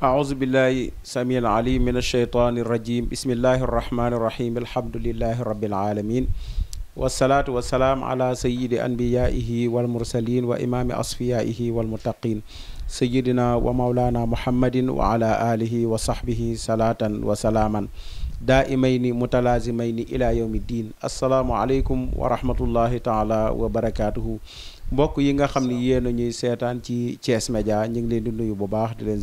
أعوذ بالله سميع العليم من الشيطان الرجيم بسم الله الرحمن الرحيم الحمد لله رب العالمين والصلاة والسلام على سيد أنبيائه والمرسلين وإمام أصفيائه والمتقين سيدنا ومولانا محمد وعلى آله وصحبه صلاة وسلاما دائمين متلازمين إلى يوم الدين السلام عليكم ورحمة الله تعالى وبركاته mbokk yi nga xam ne yéen a ñuy seetaan ci Thiès Média ñu ngi leen di nuyu bu baax di leen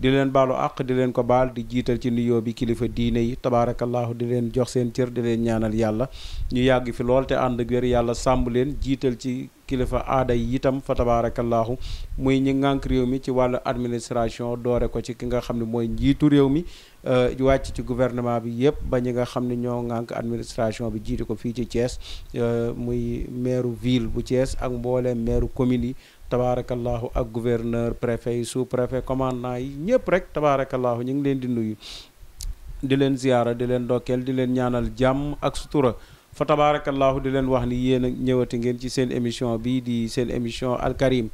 di leen baalu àq di leen ko baal di jiital ci nuyoo bi kilifa diine yi tabaarakallaahu di leen jox seen cër di leen ñaanal yàlla ñu yàgg fi lool te ànd ak yàlla sàmb leen jiital ci kilifa aada yi itam fa tabaarakallaahu muy ñi ngànk réew mi ci wàllu administration doore ko ci ki nga xam ne mooy njiitu réew mi euh, wàcc ci gouvernement bi yëpp ba ñi nga xam ne ñoo ngànk administration bi jiitu ko fii ci Thiès euh, muy maire ville bu Thiès ak mbooleem maire commune yi tabaarakallaahu ak gouverneur préfet yi sous préfet commandant yi ñëpp rek tabaarakallaahu ñu ngi leen di nuyu di leen ziyaara di leen dokkeel di leen ñaanal jàmm ak sutura fa tabaarakallaahu di leen wax ni yéen a ñëwati ngeen ci seen émission bi di seen émission Al Karim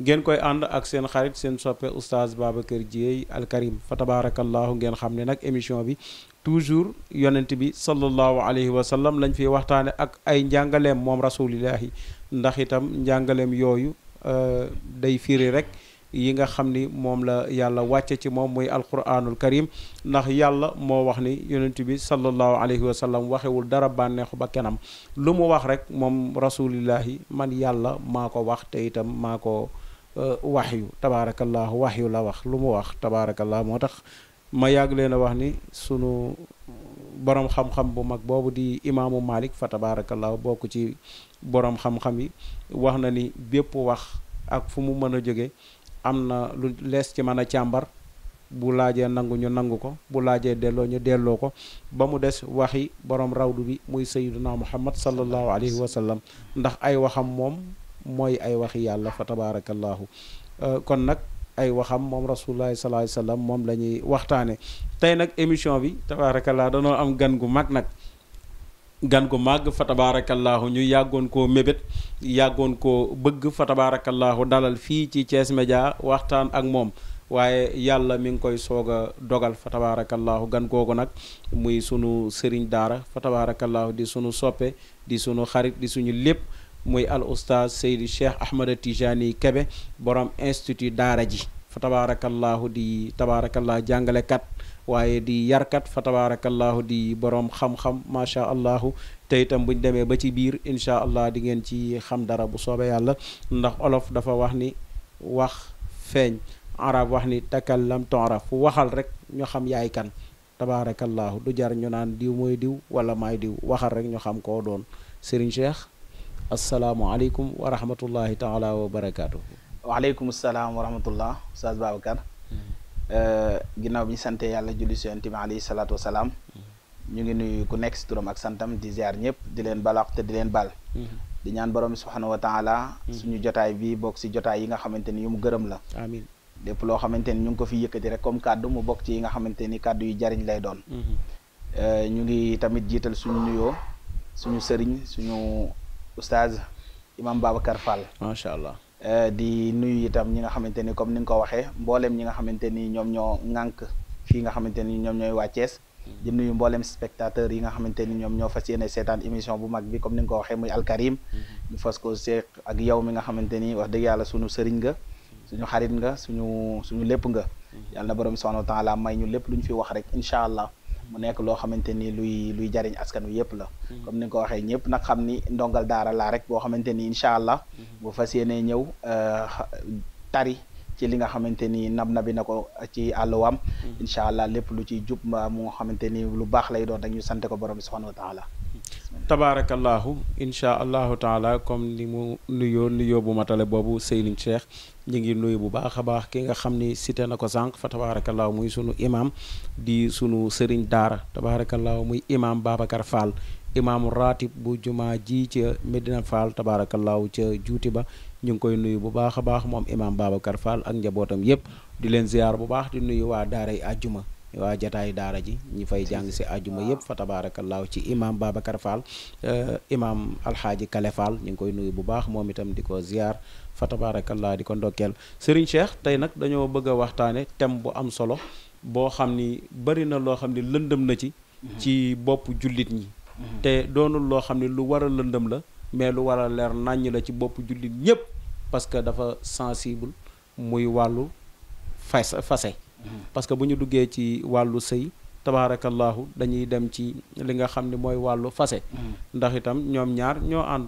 ngeen koy ànd ak seen xarit seen soppe oustaz Babacar kër Al Karim fa tabaarakallaahu ngeen xam ne nag émission bi toujours yonent bi sallallahu alayhi wa sallam lañ fiy waxtaane ak ay njàngaleem moom rasulillahi ndax itam njàngaleem yooyu day firi rek yi nga xam ni moom la yàlla wàcce ci moom muy alquranul karim ndax yàlla moo wax ni yonent bi sallallahu alayhi wa sallam waxewul dara bànneexu ba kenam lu mu wax rek moom rasulillahi man yàlla maa ko wax te itam maa ko waxyu tabaarakallahu waxyu la wax lu mu wax tabaarakallahu moo tax ma yàgg leen a wax ni sunu borom xam-xam bu mag boobu di imaamu malik fa tabaarakallahu bokk ci boroom xam-xam yi wax na ni bépp wax ak fu mu mën a jóge am na lu lees ci mën a càmbar bu laajee nangu ñu nangu ko bu laajee delloo ñu delloo ko ba mu des waxi borom rawdu bi muy sayyiduna muhammad sallallahu alayhi wa sallam ndax ay waxam moom mooy ay waxi yàlla fa tabaarakallaahu euh, kon nag ay waxam moom rasulullahi sallallahu alayhi sallam moom la ñuy waxtaane tey nag émission bi tabaarakallaa danoo am gan gu mag nag gan ko màgg fa tabaarakallaahu ñu yàggoon koo mébét yàggoon koo bëgg fa tabaarakallaahu dalal fii ci Thiès Média waxtaan ak moom waaye yàlla mi ngi koy soog a dogal fa tabaarakallaahu gan googu nag muy sunu sëriñ daara fa tabaarakallaahu di sunu soppe di sunu xarit di suñu lépp muy al oustaz Seydi Cheikh Ahmada Tijani Kebe borom institut daara ji fa tabaarakallaahu di tabaarakallaahu jàngalekat waaye di yarkat fa tabaarakallaahu di borom xam-xam macha allahu te itam buñ demee ba ci biir insha allah di ngeen ci xam dara bu soobee yàlla ndax olof dafa wax ni wax feeñ arab wax ni takallam tooraf waxal rek ñu xam yaay kan tabaarakallaahu du jar ñu naan diw mooy diw wala may diw waxal rek ñu xam koo doon Serigne Cheikh alaykum wa rahmatullahi taala wa barakatuh wa alaykum salaam wa rahmatullah Oustaz Babacar Euh, ginnaaw bi sante yàlla julli si yonent bi alayhi salaatu wasalaam ñu ngi nuyu ku nekk si turam ak santam di ziar ñëpp di leen balaax te di leen baal mm-hmm. di ñaan borom bi subhanahu wa taala mm-hmm. suñu jotaay bi bokk si jotaay yi nga xamante ni yu mu gërëm la amiin lépp loo xamante ni ñu ngi ko fi yëkkati rek comme kàddu mu bokk ci yi nga xamante ni kàddu yu jariñ lay doon mm-hmm. euh, ñu ngi tamit jiital suñu nuyoo suñu sëriñ suñu ustaaz imam Babacar Fall macha allah Euh, di nuyu itam ñi nga xamante ni comme ni nga ko waxee mbooleem ñi nga xamante nii ñoom ñoo ŋànk fii nga xamante ni ñoom ñooy waa Thiès di nuyu mbooleem spectateur yi nga xamante ni ñoom ñoo fas yéene seetaan émission bu mag bi comme ni nga ko waxee muy alkarim mm-hmm. ñu fas ko seeq ak yow mi nga xamante ni wax dëgg yàlla suñu sëriñ nga suñu xarit nga suñu suñu lépp nga mm-hmm. yàlla na borom subhanahu wa taala may ñu lépp lu ñu fi wax rek incha allah mu nekk loo xamante ni luy luy jariñ askan wi yëpp la mhm. comme ni nga ko waxee ñëpp nag xam ni ndongal daara laa rek boo xamante ni incha allah mhm. boo fas yéenee ñëw euh, tari ci li nga xamante ni nab nabi na ko ci àll wam mhm. incha allah lépp lu ciy jub mu nga xamante ni lu baax lay doon rek ñu sante ko borom bi subhanahu wa taala tabaarakallaahu incha allahu taala comme ni mu nuyoo nuyoo bu matale boobu Seyni Cheikh ñu ngi nuyu bu baax a baax ki nga xam ni cité na ko sànq fa tabaarakallaahu muy sunu imam di sunu sëriñ daara tabaarakallaahu muy imam Babacar Fall imaamu ratib bu jumaa ji ca Medina Fall tabaarakallaahu ca juuti ba ñu ngi koy nuyu bu baax a baax moom imam Babacar Fall ak njabootam yépp di leen ziar bu baax di nuyu waa daaray àjjuma wa jotaay daara ji ñi fay jang ci aljuma yeb fa ci imam babakar Fall eh, imam alhaji Kale Fall ñing koy nuyu bu baax momitam diko di ziar fa tabaarakallaahu di ko Serigne Cheikh tay nak dañoo bëgg waxtane tem bu am solo bo xamni bari na lo xamni ni na ci ci bop julit ñi te doonul lo xamni lu wara a la mais lu wara leer nañ la ci bop julit parce que dafa sensible muy walu fase parce que bu ñu duggee ci wàllu sëy tabaarakallaahu dañuy dem ci li nga xam ne mooy wàllu fase mm. ndax itam ñoom ñaar ñoo ànd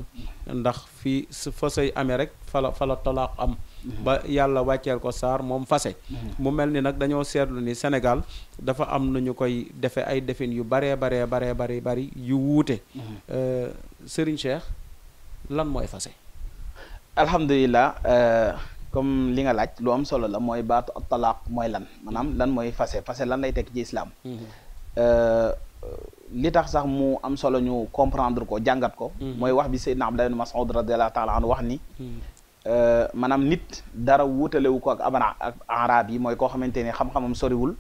ndax fii su fasey amee rek fala fala talaaq am mm. ba yàlla wàcceel ko saar moom fase mm. mu mel ni nag dañoo seetlu ni Sénégal dafa am na ñu koy defe ay defin yu baree baree baree bari bari yu wuute euh, Serigne Cheikh lan mooy fase alhamdulilah euh, comme li nga laaj lu am solo la moy baatu at-talaq moy lan manam, lan moy fase fasé lan lay tek ci mhm. euh li tax sax mu am solo ñu comprendre ko jangat ko moy mhm. wax bi sayyidna Abdullah ibn Mas'ud radhiyallahu taala an wax ni manam mhm. euh, nit dara wu ko ak abana ak arab yi moy ko xamanteni xam-xamam wul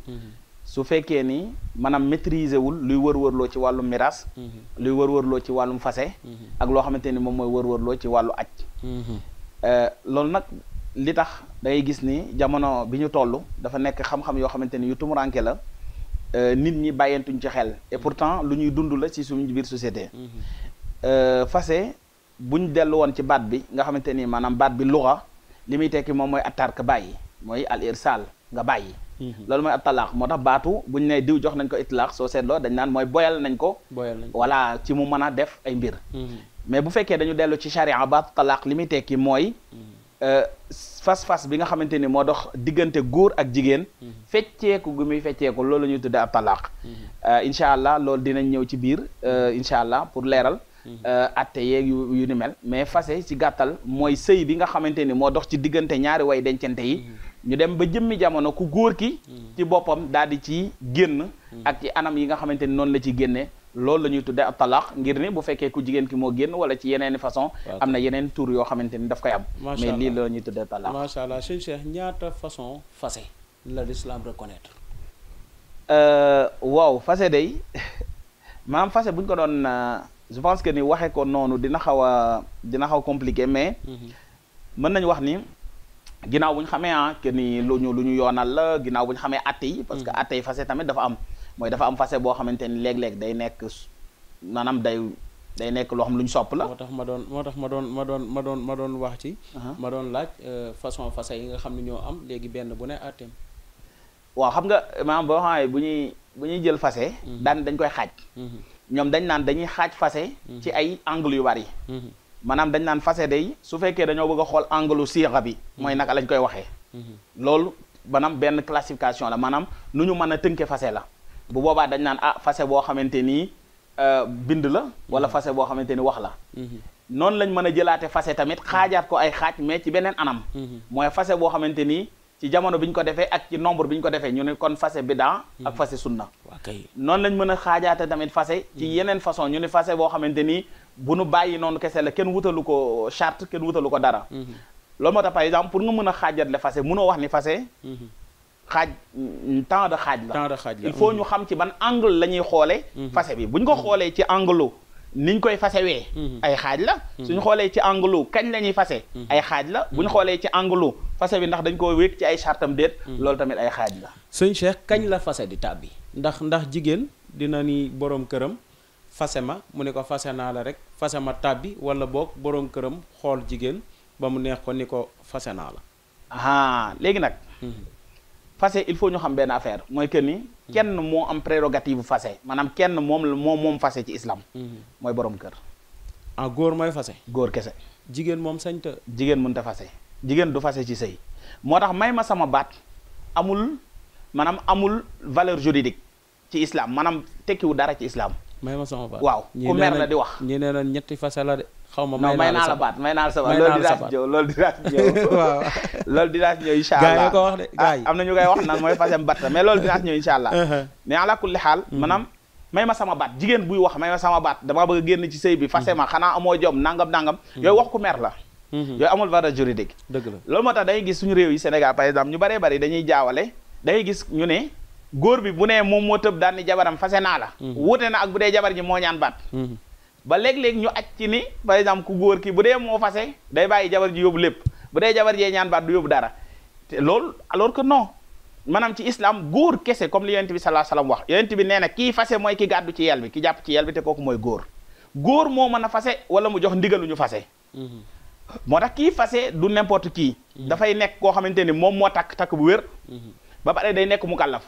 su fekke ni manam maîtriser wul luy wër lo ci walu mirage luy wër lo ci walu fase ak lo xamanteni mom moy wër wër lo ci acc euh lool nak li tax da gis ni jamono bi ñu toll dafa nekk xam-xam yoo xamante ni yu tumuranke la euh, nit ñi bàyyantuñ ci xel et pourtant lu ñuy dund la ci suñ biir société mm-hmm. euh, fase buñ dellu woon ci baat bi nga xamante ni maanaam baat bi luxa li muy tekki moom mooy attark bàyyi mooy al irsaal nga bàyyi mm-hmm. loolu mooy ab talaax moo tax baatu bu ñu nee diw jox nañ ko itlaax soo seetloo dañ naan mooy boyal nañ ko voilà ci mu mën a def ay mbir mm-hmm. mais bu fekkee dañu dellu ci charia baatu talaax li muy tekki mooy Euh, fas-fas bi nga xamante ni moo dox diggante góor ak jigéen mm-hmm. fecceeku gu muy fecceeku loolu la ñuy tuddee ab talaaq mm-hmm. euh, incha allah loolu dinañ ñëw ci biir euh, mm-hmm. incha allah pour leeral atte yeeg yu ni mel mais fase ci gàttal mooy sëy bi nga xamante ni moo dox ci diggante ñaari way dencante yi ñu dem ba jëmmi jamono ku góor ki ci boppam daal di ci génn ak ci anam yi nga xamante ni noonu la ci génne loolu la ñuy tuddee ab talaq ngir ne bu fekkee ku jigéen ki moo génn wala ci yeneeni façon am na yeneen tour yoo xamante ni daf koy am mais lii la ñuy tuddee talaq macha allah sëñ Cheikh ñaata façon fase la l'islam reconnaître euh, waaw fase day maam fase bu ko doon euh, je pense que ni waxee ko noonu dina xaw a dina xaw compliqué mais mhm. mën nañu wax ni ginnaaw bu ñu xamee ah que ni lu ñu lu ñu yoonal la ginnaaw bu xamee atte yi parce que mhm. atte yi fase tamit dafa am mooy dafa am facette boo xamante ni léeg-léeg day nekk maanaam day day nekk loo xam lu ñu sopp la. moo tax ma doon moo tax ma doon ma doon ma doon wax ci. Uh-huh. ma doon laaj euh, façon facette yi nga xam ne ñoo am léegi benn bu ne àtteem. waaw xam nga maanaam boo xam bu ñuy bu ñuy jël facette. Mm-hmm. daan dañ koy xaaj. Mm-hmm. ñoom dañ naan dañuy xaaj facette. Mm-hmm. ci ay angle yu bari. maanaam dañ naan facette day su fekkee dañoo bëgg a xool angle siixa bi. mooy naka lañ koy waxee. loolu maanaam benn classification la maanaam nu ñu mën a tënkee facette la. bu boobaa dañ naan ah fase boo xamante ni euh, bind la wala fase boo xamante ni wax la mhm. noonu lañ mën a jëlaate fase tamit mhm. xaajaat ko ay xaaj mais ci beneen anam mhm. mooy fase boo xamante ni ci jamono bi ñu ko defee ak ci nombre bi ñu ko defee ñu ne kon fase bidaa ak fase sunna noonu lañ mën a xaajaate tamit fase ci yeneen façon ñu ne fase boo xamante ni bu nu bàyyi noonu kese la kenn wutalu ko chart kenn wutalu ko dara loolu moo tax par exemple pour nga mën a xaajaat le fase wax ni fase xaaj temps de xaaj la temps ñu mhm. xam ci ban angle la ñuy xoolee mhm. fase bi bu ñu ko mhm. xoolee ci angle niñ koy fasewee ay xaaj la suñu xoolee ci angle kañ la ñuy fase ay xaaj la bu xoolee ci angle fase bi ndax dañ ko wékk ci ay chartam déet loolu tamit ay xaaj la suñ Cheikh kañ la fase di tàbbi ndax ndax jigéen dina ni boroom këram fase ma mu ne ko fase naa la rek fase ma tàbbi wala boog boroom këram xool jigéen ba mu neex ko ni ko fase naa la ah léegi nag Fassé il faut ñu xam benn affaire mooy que ni. kenn moo am prérogative Fassé maanaam kenn moom la moo moom Fassé ci islam. Mhm. mooy borom kër. ah góor mooy fase góor kese. jigéen moom sañ jigéen mënut a Fassé jigéen du fase ci sëy moo tax may ma sama baat amul maanaam amul valeur juridique ci islam maanaam tekkiwu dara ci islam. may ma waaw ku mer la di wax. ñi nee ñetti Fassé la de. xaw ma may naa la baat may naa la sa baat loolu di laaj ñëw lol di laaj ñëw waaw lol di laaj ñëw incha allah ko ah, wax de gars yi am na ñu koy wax naan mooy fasem batta mais lol di laaj ñëw incha allah mais uh-huh. ala kulli xaal hmm. maanaam may ma sama baat jigéen buy wax may ma sama baat damaa bëgg a ci sëy bi fase hmm. ma xanaa jom nangam nangam hmm. yooyu wax ku mer la yooyu amul valeur juridique dëgg la loolu moo tax gis suñu réew yi Sénégal par exemple ñu baree bari dañuy jaawale dañuy gis ñu ne góor bi bu nee moom moo tëb daan ni jabaram fase la wuute ak bu jabar ji moo ñaan baat ba léeg-léeg ñu aj ci ni par exemple ku góor ki bu dee moo fase day bàyyi jabar ji yóbbu lépp bu dee jabar jee ñaan baat du yóbbu dara te loolu alors que non maanaam ci islam góor kese comme li yonent bi salaa salaam wax yonent bi nee na kii fase mooy ki gàddu ci yel bi ki jàpp ci yel bi te kooku mooy góor góor moo mën a fase wala mu jox ndigalu ñu fase mhm. moo tax kii fase du n'importe kii mhm. dafay nekk koo xamante ni moom moo takk takk bu wér mhm. ba pare day nekk mu kàllaf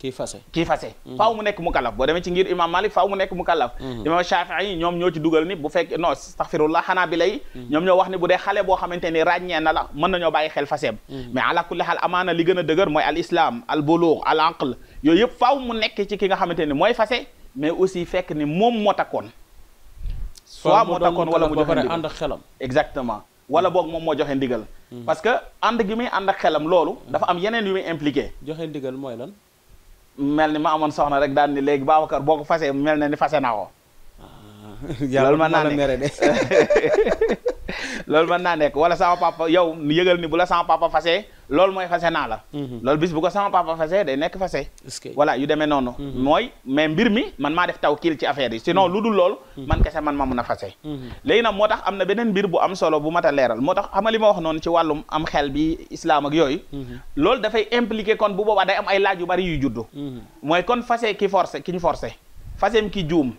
kii fase kii fase mhm. faaw mu nekk mu kalaf boo demee ci ngir imam malik faaw mu nekk mu kalaf mhm. imam shafii ñoom ñoo ci dugal ni bu fekk non astaghfirullah xanaa bi lay mhm. ñoom ñoo wax ni bu dee xale boo xamante ni ràññee na la mën nañoo bàyyi xel faseem mais ala kulli xaal amaana li gën a dëgër mooy al islam al yooyu yëpp faaw mu nekk ci ki nga xamante ni mooy fase mais aussi fekk ni moom moo takkoon soit moo takkoon wala mu joxe ànd ak xelam exactement wala boog moom moo joxe ndigal parce que ànd gi muy ànd xelam loolu dafa am yeneen yu muy impliqué joxe ndigal mooy lan mel ni ma amoon soxna rek daal ni léegi Babacar boo ko fasee mel na ni fase naa ko. Ah, loolu mën naa ne de. Lol man na nek wala sama papa yow yeugal ni bu la sama papa fase lol moy fase na la. Mhm. lol bis bu ko sama papa fase day nek fase. wala yu démé nono mhm. moy mais mbir mi man ma def tawkil ci affaire yi sinon mhm. ludul lol man kese man ma mun a fase. léegi nag am na mbir bu am solo bu mata a motax moo tax ma wax non ci walum am xel bi islam ak Lol da fay impliquer kon bu boba day am ay laaj yu bari yu juddou moy kon fase ki forcé ki forcé fasem ki joom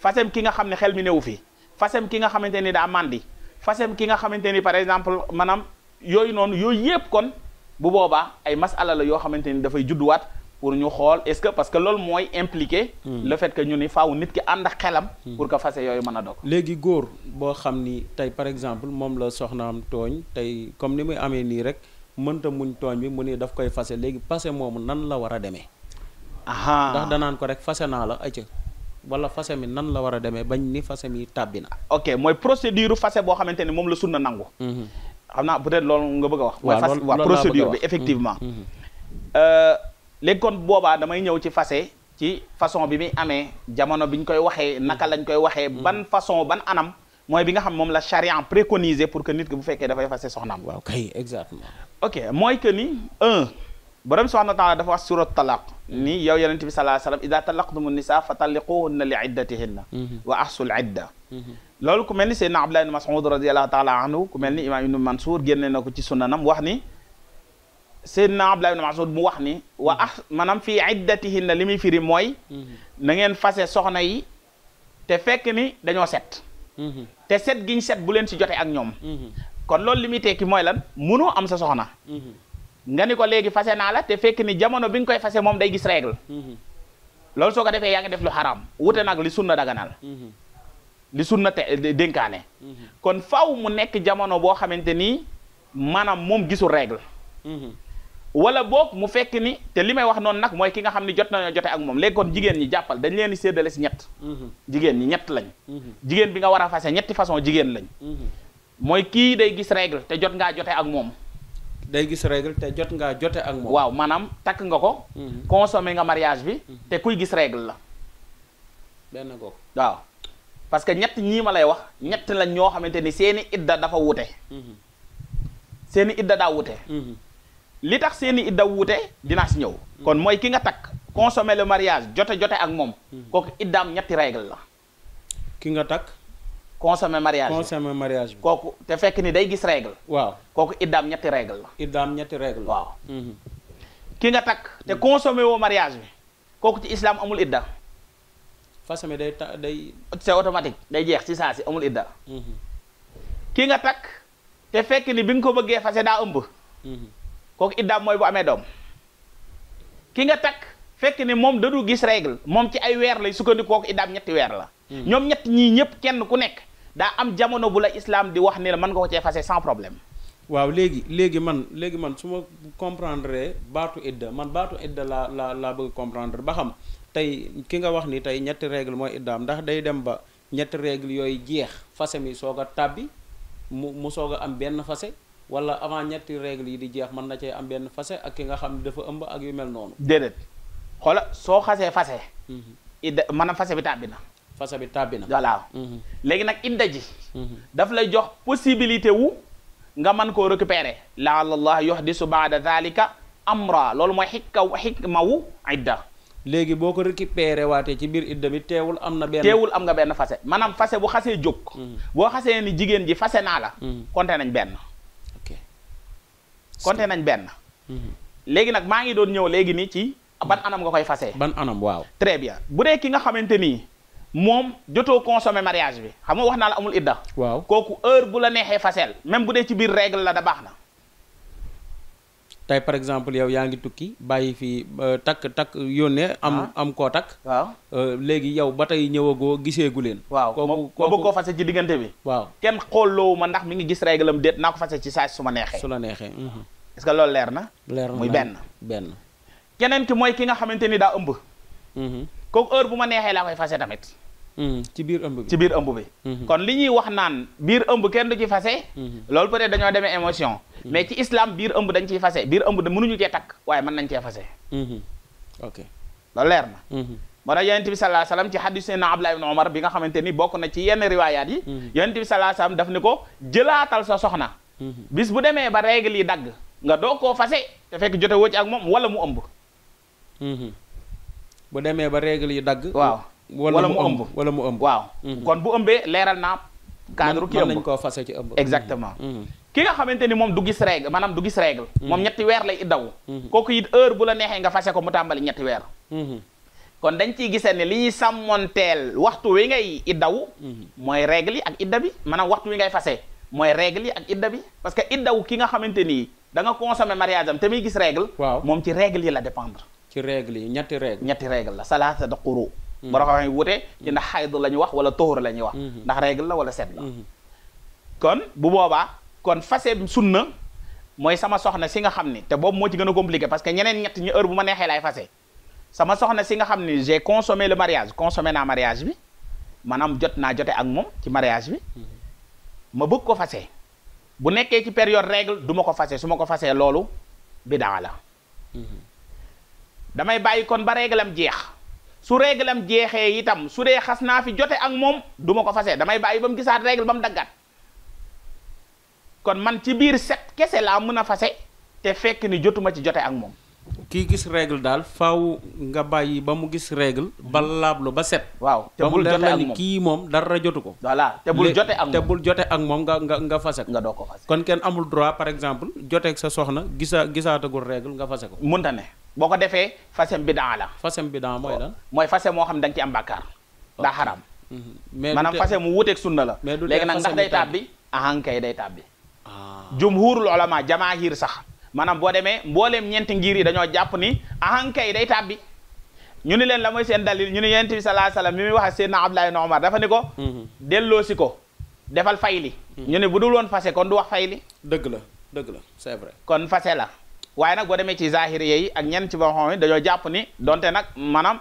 fasem ki nga xamné ne xel mi newu fi fasem ki nga xamanteni da mandi fasem ki nga xamanteni par exemple manam yoy non yoy yep kon bu boba ay masala la xamanteni da fay judd wat pour ñu xol est-ce que parce que lool moy impliquer hmm. le fait que ñu ni faaw nit ki and xelam. Hmm. pour que fasé yoy mën dog par exemple mom la soxnam togn tay comme ni muy amé ni rek mënta muñ togn bi mu ni daf koy fasé légui passé mom nan la wara démé aha ndax danaan ko rek fasé na la wala fase nan la wara a demee bañ ni fase mi tàbbi ok moy procédure fasé bo xamanténi mom la sunna nangu hmm xamna peut-être lool nga bëgg wax wa procédure bi effectivement mhm. Mhm. Euh, léegi kon boba damay ñëw ci fasé ci façon bi mi amé jamono biñ koy waxé naka lañ koy waxé mhm. ban façon ban anam moy bi nga xam mom la charia préconiser pour que nit ke bu féké da fay fasé soxnam wa kay exactement ok moy que ni 1 برم سبحانه وتعالى دفع سورة الطلاق ني يو يلنتي في صلى الله عليه وسلم إذا طلقتم النساء فطلقوهن لعدتهن وأحصوا العدة لول كملني سيدنا عبد الله بن مسعود رضي الله تعالى عنه كملني إمام ابن منصور جن لنا كتي سننم وحني سيدنا عبد الله بن مسعود مو وحني وأح منام في عدتهن لمي في رموي نعين فاسه سخنائي تفكني دنيو سات تسد جين سات بولن سجوت أغنيم كن لول لمي تكيمويلن منو أمسا سخنا nga ni ko léegi fase naa la te fekk ni jamono bi nga koy fase moom day gis règle mhm. loolu soo ko defee yaa ngi def lu xaraam wute nag li sunna daganal mhm. li sunna te dénkaane mhm. kon faw mu nekk jamono boo xamante ni maanaam moom gisul règle wala boog mu fekk ni te li may wax noonu nag mooy ki nga xam ni jot nañoo jote ak moom léegi kon jigéen ñi jàppal dañ leen di séddale si ñett jigéen ñi ñett lañ jigéen bi nga war a fase ñetti façon jigéen lañ mooy kii day gis règle te jot ngaa jote ak moom day gis règle te jot nga jote ak moom. waaw maanaam takk nga ko. Mhm. consommé nga mariage bi. Mhm. te kuy gis règle la. benn googu waaw parce que ñett ñii ma lay wax ñett lañ ñoo xamante ni seeni idda dafa wute. Mhm. seeni idda daa wute. li tax seeni idda wute dinaa si ñëw. kon mooy ki nga takk consommé le mariage jote jote ak moom. kooku iddaam ñetti règle la. ki nga takk. consommer mariage consommer mariage koku te fekk ni day gis règle waaw koku idam ñetti règle la iddaam ñetti règle waaw mhm. ki nga tak te consommer wo mariage bi ci islam amul idda fasame day day c'est automatique day jeex ci sasi amul idda mhm. ki nga tak te fekk ni bing ko bëgge fase da ëmb mhm. koku idam moy bu amé dom ki nga tak fekk ni da du gis règle mom ci ay weer lay sukkandi koku idam ñetti weer la ñom ñet ñi ñep kenn ku nek da am jamono bu la islam di wax ni la man nga ko ci effacer sans problème waaw léegi léegi man legi man suma comprendre batu edda man batu edda la la la bëgg comprendre ba xam tay ki nga wax ni tay ñett règle moy iddaam ndax day dem ba ñett règle yoy jeex fase mi soga tabbi mu mu am ben fase wala avant ñett règle yi di jeex man na ci am ben fase ak ki nga xam dafa ëmb ak yu mel dedet xola so xasse fasé fase mhm. idda maanaam fase bi tabbi na fasa bi tàbbi na voilà mhm. léegi nag idda ji mhm. daf lay jox possibilité wu nga mën koo récupérer laala allah yuhdisu baada dhalika amra loolu mooy xikka xikma wu idda léegi boo ko récupéré waatee ci biir idda bi teewul am na benn teewul am nga benn fase maanaam fase bu xasee jóg mhm. boo xasee ni jigéen ji fase naa la konte nañ benn ok nañ benn léegi nag maa ngi doon ñëw léegi nii ci ban anam nga koy fase ban anam waaw très bu dee ki nga xamante nii moom jotoo consommé mariage bi xam nga wax naa la amul idda. waaw kooku heure bu la neexee fasel même bu dee ci biir règle la da baax na. tey par exemple yow yaa ngi tukki bàyyi fii takk takk yónnee. am ah. am koo takk. waaw euh, léegi yow ba tey ñëwagoo gu leen. waaw kooku bëgg koo fase ci diggante bi. waaw kenn xool xooloo ma ndax mu ngi gis règle am déet naa ko fase ci saa su ma neexee. su la neexee. Mhm. est que loolu leer na. leer na muy benn benn. keneen mooy ki nga xamante ni daa ëmb. Mhm. kooku heure bu ma neexee laa koy fase tamit. Hmm, ci biir ëmb bi ci biir ëmb bi. Hmm. kon li ñuy wax naan biir ëmb kenn du ci fase. Hmm. loolu peut-être dañoo demee émotion. mais ci islam biir ëmb dañ ciy fase biir ëmb mënuñu cee takk waaye nañ cee fase. ok loolu leer na. moo tax yonent bi salaa salaam ci xadis Seydina Abdullah ibn Omar bi nga xamante ni bokk na ci yenn riwaayaat yi. yonent bi salaa salaam daf ni ko jëlaatal sa soxna. bis bu demee ba règle yi dagg nga doo koo fase te fekk jote woo ci ak moom wala mu ëmb. bu demee ba règle yi dagg. waaw wala mu ëmb wala mu ëmb. waaw mhm. kon bu ëmbee leeral naa. cadre ki ëmb mën nañ ci ëmb. exactement. Mhm. Mhm. ki nga xamante ni moom du gis règle maanaam du gis règle. moom ñetti weer lay daw. kooku it heure bu la neexee nga fase ko mu tàmbali ñetti weer. kon dañ ciy gisee ne li ñuy sàmmonteel waxtu wi ngay iddaw mooy règle yi ak idda bi maanaam waxtu wi ngay fase mooy règle yi ak idda bi parce que iddaw ki nga xamante ni danga nga consommé mariage am te muy gis règle. waaw moom ci règle yi la dépendre. ci règle yi ñetti règle ñetti la salaasa da quru boro xam ne wute mm-hmm. ci ndax xayd la ñu wax wala tóor la ñuy wax mm-hmm. ndax règle la wala set la mm-hmm. kon bu boobaa kon fase na mooy sama soxna si nga xam ni te boobu moo ci gën a compliqué parce que ñeneen ñett ñu heure bu ma neexee laay fase sama soxna si nga xam ni j'ai consommé le mariage consommé naa mariage bi maanaam jot naa jote ak moom ci mariage bi ma bëgg ko fase bu nekkee ci période règle duma ko fase su ma ko fasee loolu bidaa la damay bàyyi kon ba réglam jeex su réglam jeexee itam su dee xas naa fi jote ak moom duma ko fase damay bàyyi ba mu gisaat régle ba mu daggaat kon man ci biir set kese laa mën a fase te fekk ni jotuma ci jote ak moom kii gis règle daal faaw nga bàyyi ba mu gis règle ba laablu ba set. waaw te bul jote ak moom kii moom dara jotu ko. voilà te bul jote ak moom te bul ak moom nga nga nga fase ko. nga doo ko fase kon kenn amul droit par exemple joteeg sa soxna gisa gisaatagul régle nga fase ko. mënta ne. boo ko defee fasem bidaa la. fasem bidaa mooy lan. Oh. mooy fasem moo xam da nga ci am bàkkaar. daa xaram. Mm-hmm. mais maanaam fasem mu wuuteeg sunna la. mais léegi nag ndax day tàbbi. ahankay day tàbbi. Ah. jumhurul ulama jamaahir sax. maanaam boo demee mbooleem ñeenti ngiir yi dañoo jàpp ni ahankay day tàbbi. ñu ni leen la mooy seen dalil ñu ni yonent bi sallallahu alayhi wasallam mi muy wax seydna Abdullah ibn Umar dafa ni ko. Mm-hmm. delloosi ko defal fayli. Mm-hmm. ñu ne bu dul woon fase kon du wax fayli. dëgg la dëgg la c'est kon fase la. waaye nag boo demee ci zahiri yi ak ñenn ci ba xam ne dañoo jàpp ni donte nag maanaam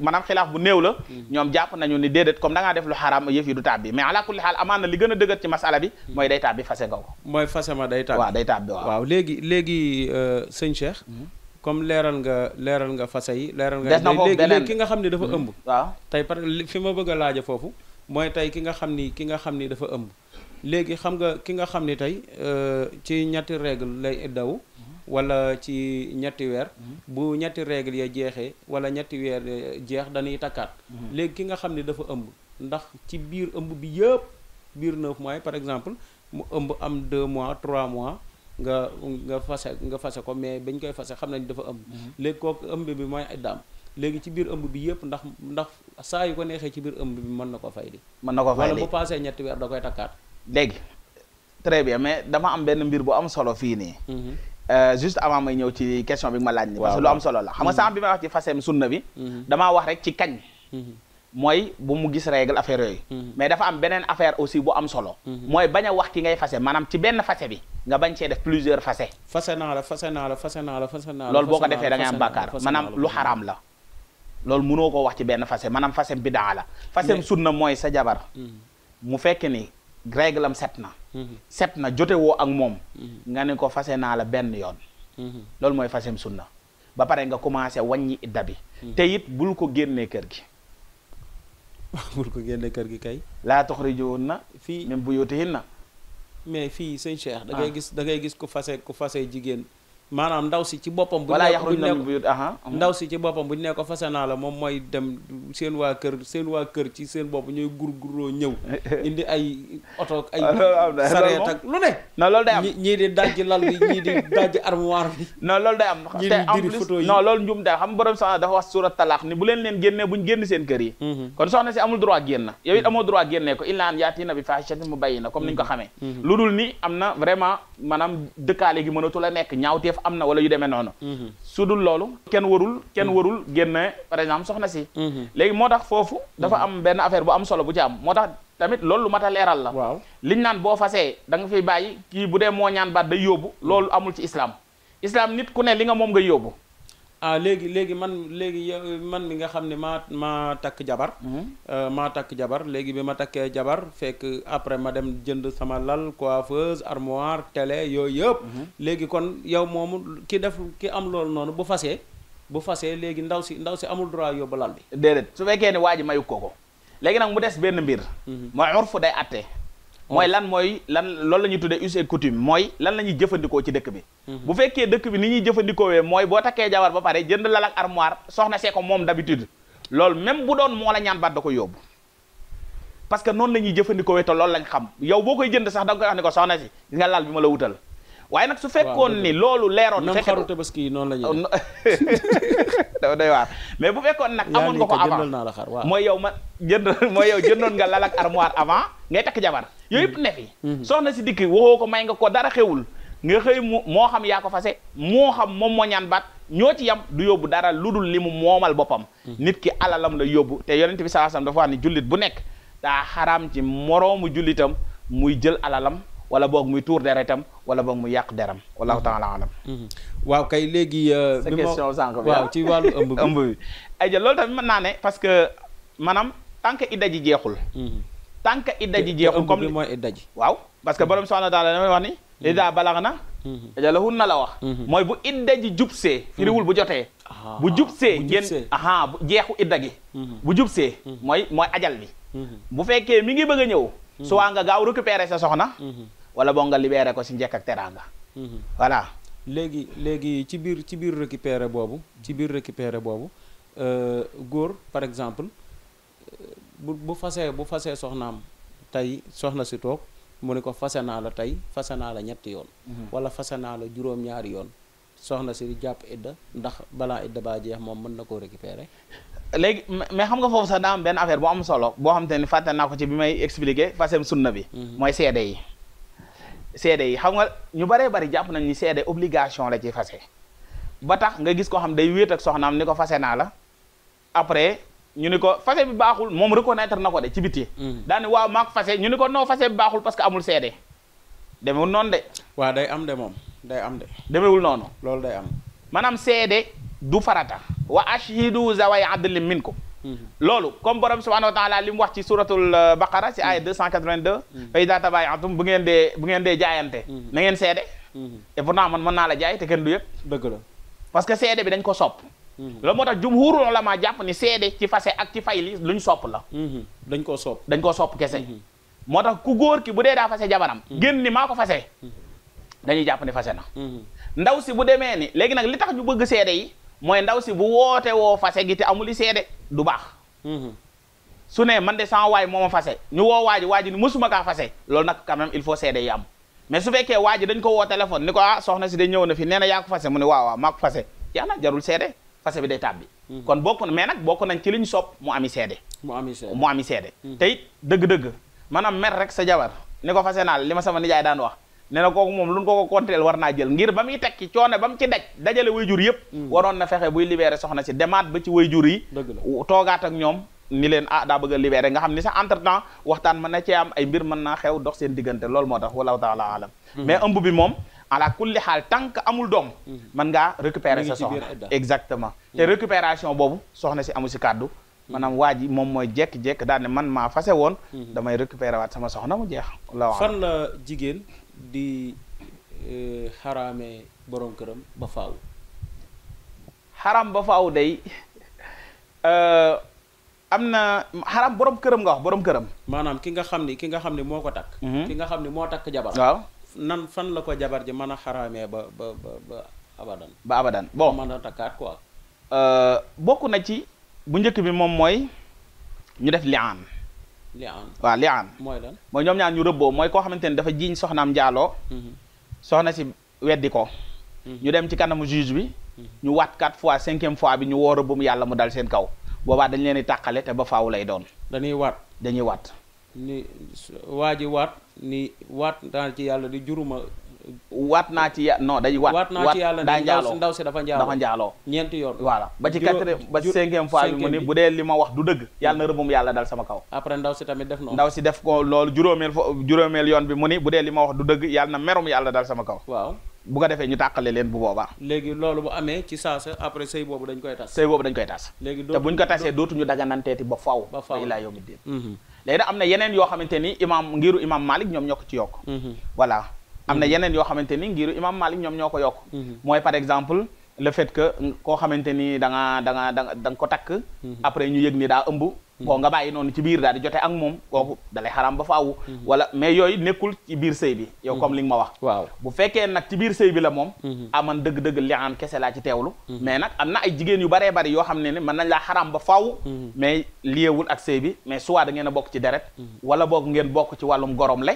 maanaam xilaaf bu néew la mm. ñoom jàpp nañu ni déedéet comme da def lu xaraam yëf yi du tàbbi mais ala kulli xaal amaan na li gën a dëgër ci masala bi mm. mooy day tàbbi fase nga ko mooy fase ma day tàbbi waaw day léegi léegi euh, sëñ Cheikh mm. comme leeral nga leeral nga fase yi leeral nga léegi léegi ki nga xam ne dafa ëmb waaw tey parce que fi ma bëgg a laaja foofu mooy tey ki nga xam ni ki nga xam ni dafa ëmb léegi xam nga ki nga xam ni tey euh, ci ñetti règle lay daw wala ci ñetti weer mhm. bu ñetti règle ya jeexee wala ñetti weer jeex dañuy takkaat mhm. léegi ki nga xam ne dafa ëmb ndax ci biir ëmb bi yëpp biir neuf mois par exemple mu ëmb am deux mois trois mois nga nga fase nga fase ko mais bañ koy fase xam nañ dafa ëmb mhm. léegi kooku bi mooy iddaam léegi ci biir ëmb bi yëpp ndax ndax saa yu ko neexee ci biir ëmb bi mën na ko fay di mën na ko fay di wala bu passé ñetti weer da koy takkaat léegi très bien mais dama am benn mbir bu am solo fii nii Euh, juste avant may ñew ci question bi ma lañ ni parce que lu am solo la xam nga sànq bi ma wax ci fasem sunna bi mm-hmm. Mm-hmm. dama wax rek ci kañ moy mm-hmm. bu mu gis règle affaire yoy mais dafa am benen affaire aussi bu am solo moy baña wax ki ngay fase manam ci benn fase bi nga bañ ci def plusieurs fase fase na la fase na la fase na la fase na la loolu boko ko da nga am bakkar manam lu haram la loolu mënoo ko wax ci benn fase manam fasé bid'a la fasé sunna moy sa jabar mu fekk ni réglam set na mhm. set na jote woo ak moom mhm. nga ne ko fase naa la benn yoon mhm. loolu mooy fasem sunna ba pare nga commencé wàññi idda bi te it bul ko génnee kër gi bul ko génnee kër gi kay laa toxrijoon na fii même bu yóotihin na mais fii sëñ Cheikh da ah. ngay gis da ngay gis ku fase ku fase jigéen maanaam ndaw si ci boppam bu ñu ndaw si ci boppam ne naa la moom mooy dem seen waa kër seen waa kër ci seen bopp ñooy gurguroo ñëw indi ay oto ak ay sareet ak lu ne non loolu day am ñii di dajji lal bi ñii di dajji armoire bi non loolu day am ñii di diri photo yi non loolu njum day xam leen leen génnee seen kër yi mm-hmm. kon soxna si amul droit génn yow it mm-hmm. amoo droit génnee ko illaa an yaatina comme ni ñu ko mm-hmm. xamee lu dul ni am na vraiment maanaam dëkkaale gi mënatu la nekk ñaawteef am na wala yu demee noonu mhm. su loolu kenn warul kenn mhm. warul génne par exemple soxna si mhm. léegi moo tax foofu dafa am benn affaire bu am solo bu ci am moo tax tamit loolu lu mat a leeral la waaw liñ naan boo fasee da nga fiy bàyyi kii bu dee moo ñaan baat day yóbbu loolu amul ci islam islam nit ku ne li nga moom nga yóbbu ah léegi léegi man léegi man mi nga xam ne maa ma takk jabar mhm. euh, maa takk jabar léegi bi ma takkee jabar fekk après ma dem jënd sama lal coiffeuse armoire télé yooyu yëpp mhm. léegi kon yow moomu ki def ki am loolu noonu bu fasee bu fasee léegi ndaw si ndaw si amul droit yóbbu lal bi déedéet su fekkee ne waa ji mayu ko léegi nag mu des benn mbir mhm. mooy urfu day attee Moy lan moy lan lolou la tuddé usé coutume moy lan la jëfëndiko ci dëkk bi mhm. bu féké dëkk bi ni jëfëndiko wé moy bo také jabar ba paré jënd la lak armoire soxna sé ko mom d'habitude lol même bu doon mo la ñaan ba da ko yóbbu parce que non la jëfëndiko wé te loolu lañ xam yow boo jënd sax da nga koy ko soxna ci nga laal bima la wutal waye nak su fekkoon ni lolou léro même xaru tabaski yi noonu la ñuy oh, dafa doy mais bu fekkoon nak amon nga ko avant moy yow ma jënd moy yow jëndoon nga la lak armoire avant ngay tak jabar yooyu yëpp ne soxna si dikki wo ko may nga ko dara xewul nga xey mo xam ya ko fase mo xam mom mo ñaan bat ñoo ci yam du yobbu dara lu limu momal bopam nit ki alalam la yobbu te yaronte bi sallallahu alayhi wasallam dafa wax ni jullit bu nek da haram ci moromu julitam muy jël alalam wala bok muy tour deretam wala bok muy yak deram wallahu taala alam waaw kay legui euh, sa question waaw ci walu ëmb bi ay jël lol tam man na ne parce que manam tank sànq idda ji jeexul comme li mooy idda ji waaw parce que mm-hmm. borom subhaanahu wa taala damay wax ni mm-hmm. idda balax na la mm-hmm. ajalahun na la wax mooy bu idda ji jubsee firiwul bu jotee ah, bu jubsee ngeen aha bu jeexu idda gi bu jubsee mooy mooy ajal bi bu fekkee mi ngi bëgg a ñëw suwaa nga gaaw récupérer sa soxna wala boo nga libéré ko si njëkk ak teraanga voilà léegi léegi ci biir ci biir récupérer boobu ci biir récupérer boobu euh, góor par exemple bu bu fasee bu fasee soxnaam tey soxna si toog mu ne ko fase naa la tey fase naa la ñetti yoon mhm. wala fase naa la juróom-ñaari yoon soxna si di jàpp idda ndax balaa idda baa jeex moom mën na koo récupérer léegi mais xam nga foofu sa daam benn affaire bu am solo boo xam te ni fàtte naa ko ci bi may expliquer fasem sunna bi mhm. mooy seede yi seede yi xam nga ñu baree bari jàpp nañ ni seede obligation la ci fase ba tax nga gis koo xam day wéet ak soxnaam ni ko fase naa ñu ni ko fase bi baaxul moom reconnaître na ko de ci biti hmm. daani waaw maa ko fase ñu ni ko non fase bi baaxul parce que amul seede demewul noonu de waaw day am de moom day am de demewul noonu loolu day am maanaam seede du farata wa ashhidu zaway adlin minkum hmm. loolu comme borom subhanahu wa taala li mu wax ci suratul euh, baqara si aya 282 fa idaa tabayatum bu ngeen dee bu ngeen dee jaayante hmm. na ngeen seede et pourtant man mën naa la jaay te kenn du yëpp dëgg la parce que seede bi dañ ko sopp Mhm. loolu moo tax jumhurul ulama jàpp ni seede ci fase ak ci fay li luñ sopp la mhm. dañ koo sopp dañ koo sopp kese mhm. moo tax ku góor ki bu dee daa fase jabaram génn ni maa ko fase dañuy jàpp ni fase na ndaw si bu demee ni léegi nag li tax ñu bëgg seede yi mooy ndaw si bu woote woo fase gi te amuli seede du baax su ne man de sama waay moo fase ñu woo waaj waaji ni mësuma kaa fase loolu nag quand même il faut seede yi am mais su fekkee waaji dañ ko woo téléphone ni ko ah soxna si de ñëw na fi nee na yaa ko fase mu ne waaw waaw maa fase yaa na jarul seede fase bi day tàbbi mm-hmm. kon bokk na mais nag bokk nañ ci li ñu mu ami seede mu ami mm-hmm. dëgg-dëgg maanaam mer rek sa jabar ni ko fase naa li ma sama nijaay daan wax ne kooku moom lu ko ko contrôler war naa jël ngir ba muy teg ci coono ba mu ci daj dajale wayjur yëpp mm-hmm. waroon na fexe buy libéré soxna si demaat ba ci wayjur yi toogaat ak ñoom ni leen ah daa bëgg a nga xam ni sa entre waxtaan mën na cee am ay mbir mën naa xew dox seen diggante loolu moo tax wallahu taala alam moom ala kulli xaal tant que amul doom man mhm. ngaa récupérer sa soxna exactement mhm. te récupération boobu soxna si amul si kàddu mhm. maanaam waa ji moom mooy jekk-jekk daal ne man maa fase woon damay récupérer waat sama soxna mu jeex la fan la jigéen di eh, xaraamee boroom këram ba faaw xaram ba faaw day eh, am na xaram borom këram nga wax borom këram maanaam ki nga xam ni ki nga xam ni moo ko takk ki nga xam ni moo takk jabar waaw nan fan la ko jabar ji mën a xaraamee ba ba ba abadan. ba abadan bon mën a takkaat quoi. Euh, bokk na ci bu njëkk bi moom mooy ñu def liaan. liaan waaw liaan. mooy lan mooy ñoom ñaan ñu rëbboo mooy koo xamante ni dafa jiiñ soxnaam njaaloo mm-hmm. soxna si weddi ko. Mm-hmm. ñu dem ci kanamu juge bi. Mm-hmm. ñu wat quatre fois cinquième fois bi ñu woo rëbbum yàlla mu dal seen kaw boobaa dañ leen di tàqale te ba faaw lay doon. dañuy waat dañuy waat. ni waa ji waat ni waat naa ci yàlla di juruma waat naa ci ya non day waat waat yàlla daa njaaloo ndaw si dafa njaaloo dafa njaaloo yoon voilà ba ci quatrième ba cinquième fois bi mu ni bu dee li ma wax du dëgg yàlla na mm-hmm. rëbbum yàlla dal sama kaw après ndaw si tamit def noonu ndaw si def ko loolu juróomeel fo juróomeel yoon bi mu ni bu dee li ma wax du dëgg yàlla na merum yàlla dal sama kaw waaw ko defee ñu tàqale leen bu boobaa léegi loolu bu amee ci saasa après sëy boobu dañ koy tas sëy boobu dañ koy tas léegi te buñ ko tasee dootuñu dagananteeti ba faw ba faw ilaa yawmi diin mm-hmm. léegi nag am na yeneen yoo xamante ni imaam ngiru imaam Malik ñoom ñoo ko ci yokk. Mhm. voilà am na mhm. yeneen yoo xamante ni ngiru imaam Malik ñoom ñoo ko yokk. Mhm. mooy par exemple le fait que koo xamante ni danga nga da da nga ko takk. après ñu yëg ni daa ëmb. Mm-hmm. koo nga bàyyi noonu ci biir daal di jote ak moom kooku dalay xaram ba faawu mm-hmm. wala mais yooyu nekkul ci biir sëy bi yow mm-hmm. comme li nga ma wax waaw bu fekkee nag ci biir sëy bi la moom aman ah, dëgg-dëgg liaan kese laa ci teewlu mais nag am na ay jigéen yu baree bari yoo xam ne ne mën nañ laa xaram ba faawu mais liewul ak sëy bi mais soit da ngeen a bokk ci deret wala boog ngeen bokk ci wàllum gorom le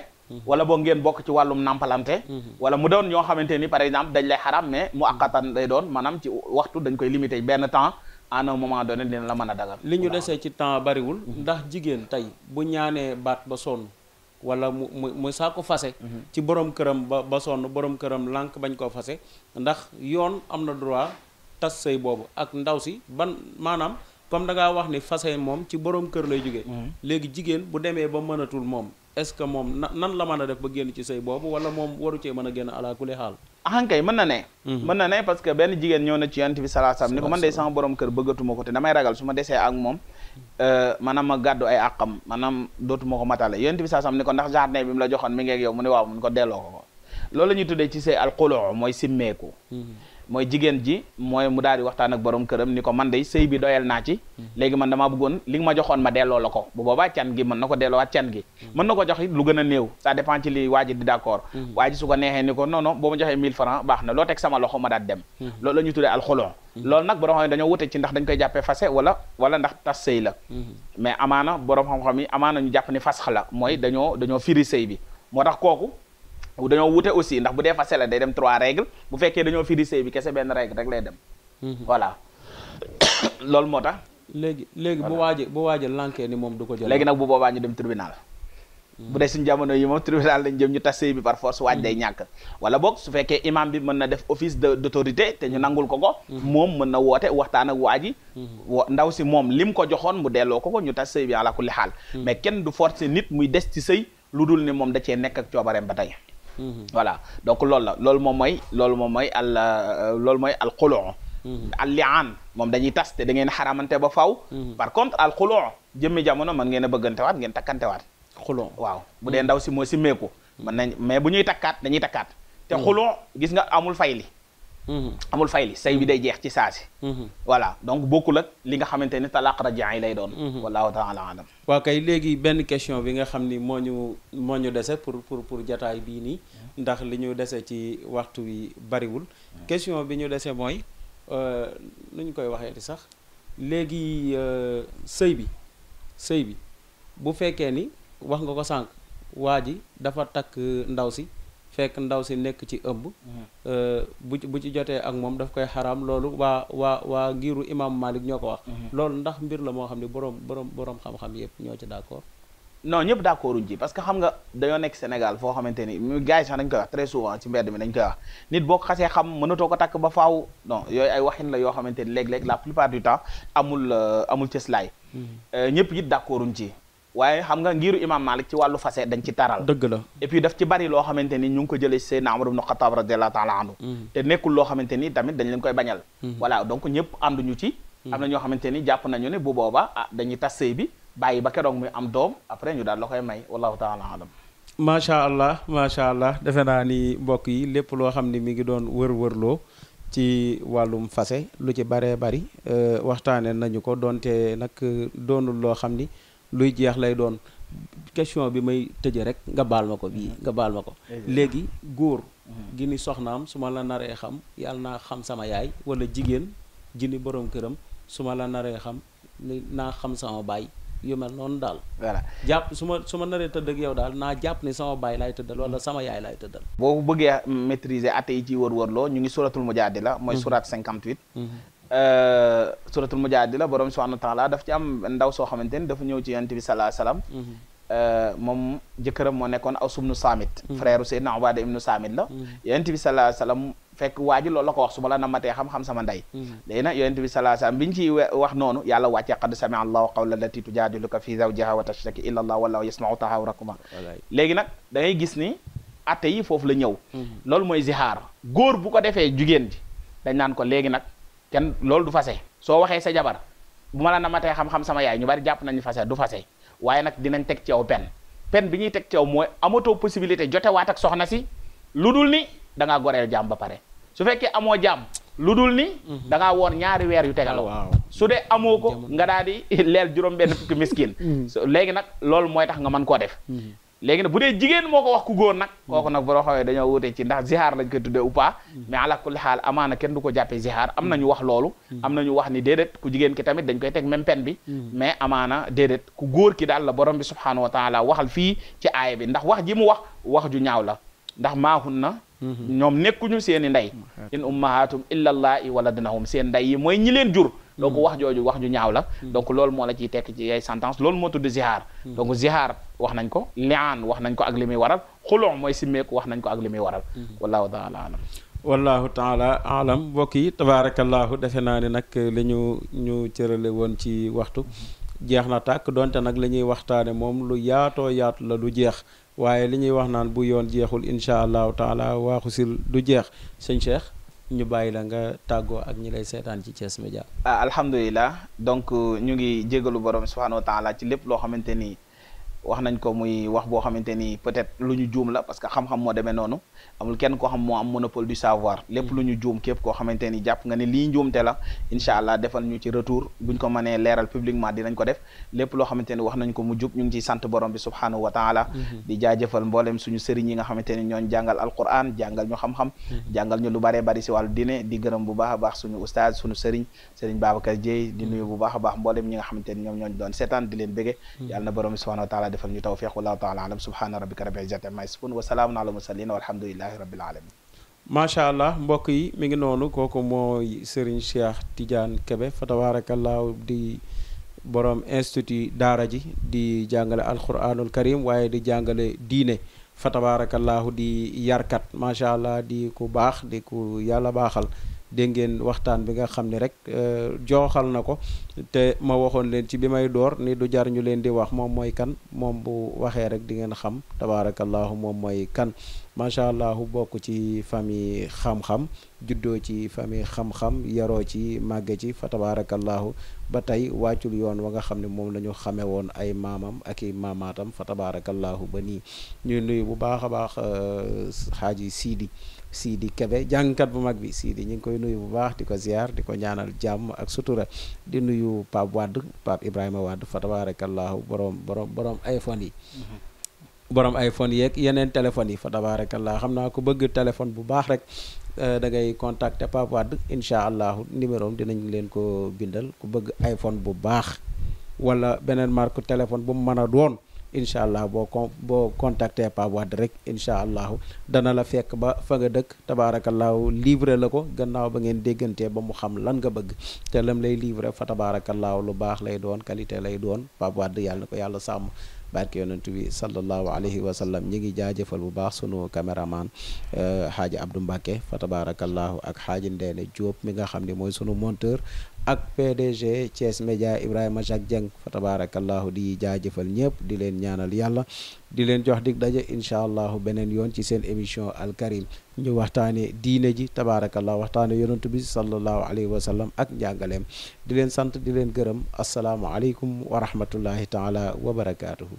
wala boo ngeen bokk ci wàllum nàmpalante wala mu doon ñoo xamante ni par exemple dañ lay xaram mais mu àqatan lay doon maanaam ci waxtu dañ koy limité benn temps à un moment donné dina la mën a dagal. li ñu desee ci temps bariwul. ndax jigéen tey bu ñaanee baat ba sonn. wala mu mu mu saako fase mhm. ci borom këram ba ba sonn borom këram lànk bañ koo fase ndax yoon am na droit tas sëy boobu ak ndaw si ban maanaam comme da ngaa wax ni fase moom ci borom kër lay jóge mhm. léegi jigéen bu demee ba mënatul moom est-ce que moom na nan la mën a def ba génn ci sëy boobu wala moom waru cee a génn alaa kulli xaal axankay mën na ne mhm. mën na ne parce benn jigéen ñoo na ci yonent bi salaa salaam ni ko man de sama borom kër bëggatuma ko te damay ragal su ma desee ak moom euh, maanaam ma gàddu ay àqam maanaam dootuma ko matale yonent bi salaa ni ko ndax jardin bi mu la joxoon mi ngeeg yow mu ne waaw mun ko delloo ko loolu la ñuy tuddee ci sëy alxuloo mooy simmeeku mhm. mooy jigéen ji mooy mu daal di waxtaan ak borom këram ni ko man day sëy bi doyal naa ci hmm. léegi man damaa bëggoon li nga ma joxoon ma delloo la ko bu boobaa can gi mën na ko delloowaat can gi hmm. mën na ko jox lu gën a néew ça dépend ci li hmm. waa ji su ko neexee ni ko non non boo ma joxee 1000 francs baax na loo teg sama loxo ma daat dem loolu la ñu tuddee alxulon loolu nag borom xam ne dañoo wute ci ndax dañ koy jàppee fase wala wala ndax tas sëy la mais amaana borom xam-xam yi amaana ñu jàpp ni fasx la mooy dañoo dañoo firi sëy bi moo tax kooku dañoo wute aussi ndax bu dee fase la day dem trois règles bu fekkee dañoo firi sëy bi kese benn règle rek lay dem. Mhm. voilà loolu moo tax. léegi léegi bu waaje bu waaje lankee ni moom du ko jël. léegi nag bu boobaa ñu dem tribunal. Mhm. bu dee suñu jamono yi moom tribunal lañ jëm ñu tas sëy bi par force waaj day mhm. ñàkk. wala boog su fekkee imam bi mën na def office de d'autorité te ñu nangul ko ko. moom mën na woote waxtaan ak waa ji. ndaw si moom lim ko joxoon mu delloo ko ko ñu tas sëy bi ala kulli xaal. mais kenn du forcer nit muy des ci sëy lu dul ni moom da cee nekk ak coobareem ba tey. Mm-hmm. voilà donc loolu la loolu moom mooy loolu moom mooy al euh, loolu mooy al xuloo mm-hmm. al liaan moom dañuy tas te da ngeen xaramante ba faw mm-hmm. par contre al xuloo jëmmi jamono man ngeen a bëggantewaat ngeen takkante waat xuloo waaw bu dee ndaw si moo si meeku mën nañ mais bu ñuy takkaat dañuy takkaat te xuloo gis nga amul fay li Mhm. amul fayli say bi day jeex ci saasi mhm. voilà donc bokkul ak li nga xamante ni talaq rajaa yi lay doon mhm. wallahu taala alam waaw kay léegi benn question bi nga xam ni moo ñu moo ñu dese pour pour pour jataay bii nii ndax li ñu ci waxtu wi question bi ñu dese mooy euh, nu ñu koy waxeeti sax léegi euh, sëy bi sëy bi bu fekkee ni wax nga ko dafa ndaw si fekk ndaw si nekk ci ëmb mhm. euh, bu bu ci jotee ak moom daf koy xaram loolu waa waa waa ngiru imam Malik ñoo ko wax mhm. loolu ndax mbir la moo xam ne boroom boroom boroom xam-xam yëpp ñoo ci d'accord non ñëpp d'accord uñ ci parce que xam nga dañoo nekk Sénégal foo xamante ni mu gars yi sax dañ koy wax très souvent mbedd mi dañ koy wax nit boo xasee xam mënatoo ko takk ba faaw non yooyu ay waxin la yoo xamante ni léeg-léeg la plupart du temps amul euh, amul cëslaay mhm. euh, ñëpp it d'accorduñ ci waaye xam nga ngiru imam malik ci wàllu fase dañ ci taral dëgg la et puis ci bari loo xamante ni ñu ngi ko jëlee ci Seydina Umar ibn Xattaab radiyallahu taala anhu mm-hmm. te nekkul loo xamante ni tamit dañ leen koy bañal mm-hmm. voilà donc ñëpp ànduñu ci mm-hmm. am na ñoo xamante ni jàpp nañu ne bu booba ah, dañuy tas sëy bi bàyyi ba keroog muy am doom après ñu daal la koy may wallahu taala alam macha allah macha allah defe naa ni mbokk yi lépp loo xam ne mi ngi doon wër-wërloo ci wàllum fase lu ci baree bari euh, waxtaane nañu ko doonte nag euh, doonul loo xam ni luy jeex lay doon question bi may tëje rek nga baal ma ko bii mm-hmm. nga baal ma ko léegi góor mm-hmm. gi ni soxnaam su ma la naree xam yàlla naa xam sama yaay wala jigéen ji ni borom këram su ma la naree xam naa xam sama baay yu mel noonu daal jàpp su ma su ma naree tëdd ak yow daal naa jàpp ni sama baay laay tëddal wala mm-hmm. sama yaay laay tëddal boo bëggee maîtriser atte yi ciy wër-wër loo ñu ngi suratul la mooy surat 58 Euh, suratul mujaadila borom subhanahu wa taala daf ci am ndaw soo xamante ni dafa ñëw ci yonent bi salaa salaam. Mhm. Euh, moom jëkkëram moo nekkoon aw subnu saamit mhm. frère Seydina Ubaada ibnu saamit la mhm. yonent bi salaa salaam fekk waa ji loolu la ko wax su ma la namatee xam-xam sama ndey léegi na yonent bi salaa salaam bi ñu ciy wax noonu yàlla wàccee qad samia allahu qawla allati tujaadiluka fi zawjiha wa tashtaki ila allah wallahu yasmau tahawurakuma léegi nag da ngay gis ni atte yi foofu la ñëw loolu mooy zihaar góor bu ko defee jigéen ji dañ naan ko léegi nag ken lol du fase so waxé sa jabar buma ma la namatee xam-xam sama yaay ñu bari japp nañu fase du fase wayé nak dinañ tek ci yow pen pen biñuy tek amu ci yow moy amoto possibilité jotewaat ak soxna si ludul ni da nga gorél jam ba pare su fekkee amo jam ludul ni mhm. da warnya woor ñaari weer yu tegaloo su dé amoo ko nga daal di juroom juróom fukk miskin hmm. so nag loolu lol tax nga man ko def hmm. léegi nag bu dee jigéen moo ko wax ku góor nag mm-hmm. kooku nag boroo xawee dañoo wutee ci ndax zihaar lañ koy tuddee ou pas mm-hmm. mais ala kulli xaal amaana kenn du ko jàppee zihaar am ñu wax loolu mm-hmm. am nañu wax ni déedéet ku jigéen ki tamit dañ koy teg même peine bi mais amaana déedéet ku góor ki daal la borom bi subhaanahu wa taala waxal fii ci aaya bi ndax wax ji mu wax wax ju ñaaw la ndax maahun na ñoom nekkuñu seen i ndey in ummahatum illa allaahi waladnahum seen ndey yi mooy ñi leen jur donc wax jooju wax ñu ñaaw la hmm. donc loolu moo la ciy tekk ci ay sentence loolu moo tudd zihaar hmm. donc zihaar wax nañ ko liaan wax nañ ko ak li muy waral xulon mooy simmeeku wax nañ ko ak li muy waral hmm. wallahu taala alam wallahu taala alam mbokk yi tabaarakallahu defe naa ne nag li ñu ñu cërale woon ci waxtu jeex na tàkk donte nag li ñuy waxtaane moom lu yaatoo yaatu la du jeex waaye li ñuy wax naan bu yoon jeexul incha allahu taala waaxu si du jeex sëñ Cheikh ñu bàyyi la nga tàggoo ak ñi lay seetaan ci Thiès Média. ah alhamdulilah donc ñu ngi jégalu borom subhanahu wa taala ci lépp loo xamante ni. wax nañ ko muy wax boo xamante ni peut-être lu ñu juum la parce que xam-xam moo demee noonu amul kenn koo xam moo am monopole du savoir lépp lu ñu juum képp koo xamante ni jàpp nga ne lii njuumte la incha allah defal ñu ci retour buñ ko mënee leeral publiquement dinañ ko def lépp loo xamante ni wax nañ ko mu jub ñu ngi ciy sant borom bi subhaanahu wa taala mhm. di jaajëfal mboolem suñu sëriñ yi nga xamante ni ñooñ jàngal alquran jàngal ñu xam-xam mhm. jàngal ñu lu baree bari si wàllu diine di gërëm bu baax a baax suñu oustaz suñu sëriñ sëriñ Babacar Dieye di mhm. nuyu bu a baax mboolem ñi nga xamante ni ñoom ñooñ leen bége yàlla defal ñu tawfiq wallahu taala alam subhaana rabbika rabbil izzati amma yasifun wa salaamun ala mursalin walhamdulillahi rabbil alamin macha allah mbokk yi mi ngi noonu kooku mooy Serigne Cheikh Tidiane Kebe fa tabarakallahu di borom institut daara ji di jàngale alquranul karim waaye di jàngale diine fa tabarakallahu di yarkat macha allah di ku baax di ku yàlla baaxal dégg ngeen waxtaan bi nga xam ne rek euh, jooxal na ko te ma waxoon leen ci bi may door ni du jar ñu leen di wax moom mooy kan moom bu waxee rek di ngeen xam tabaarakallaahu moom mooy kan macha allah bokk ci famille xam-xam juddoo ci famille xam-xam yaroo ci màgge ci fa tabaarakallaahu ba tey wàccul yoon wa nga xam ne moom la ñu xamee woon ay maamam ak i maamaatam fa tabaarakallaahu ba nii ñuy nuyu bu baax a baax xaaji euh, siidi Sidi Kebe jàngkat bu mag bi Sidi ñu ngi koy nuyu bu baax di ko ziar di ko ñaanal jàmm ak sutura di nuyu Pape Wade Pape Ibrahima Wade fa tabaarakallaahu borom borom borom iPhone yi. Mm-hmm. borom iPhone yeeg yeneen téléphones yi fa tabaarakallaahu xam naa ko bëgg téléphone bu baax rek. Euh, da ngay contacter Pape Wade incha allahu numéro am dinañ leen ko bindal ku bëgg iPhone bu baax wala beneen marque téléphone bu mu mën a doon. incha allah boo con boo contacter Pape Wade rek incha allah dana la fekk ba fa nga dëkk tabaarakallaahu livré la ko gannaaw ba ngeen déggantee ba mu xam lan nga bëgg te lam lay livré fa tabaarakallaahu lu baax lay doon qualité lay doon Pape Wade yàlla na ko yàlla sàmm barke yonent bi sallallahu alayhi wa sallam ñi ngi jaajëfal bu baax sunu caméraman xaaji euh, Abdou Mbacke fa tabaarakallaahu ak xaaji Ndeene Diop mi nga xam ne mooy sunu monteur ak PDG Thiès Média Ibrahima Jacques Dieng fa tabaarakallaahu di jaajëfal ñëpp di leen ñaanal yàlla di leen jox dig daje incha allah beneen yoon ci seen émission Al Karim ñu waxtaane diine ji tabaarakallaahu waxtaane yonantu bi sallallahu alayhi wa sallam ak njàngaleem di leen sant di leen gërëm asalaamualeykum wa rahmatullahi taala wa barakaatuhu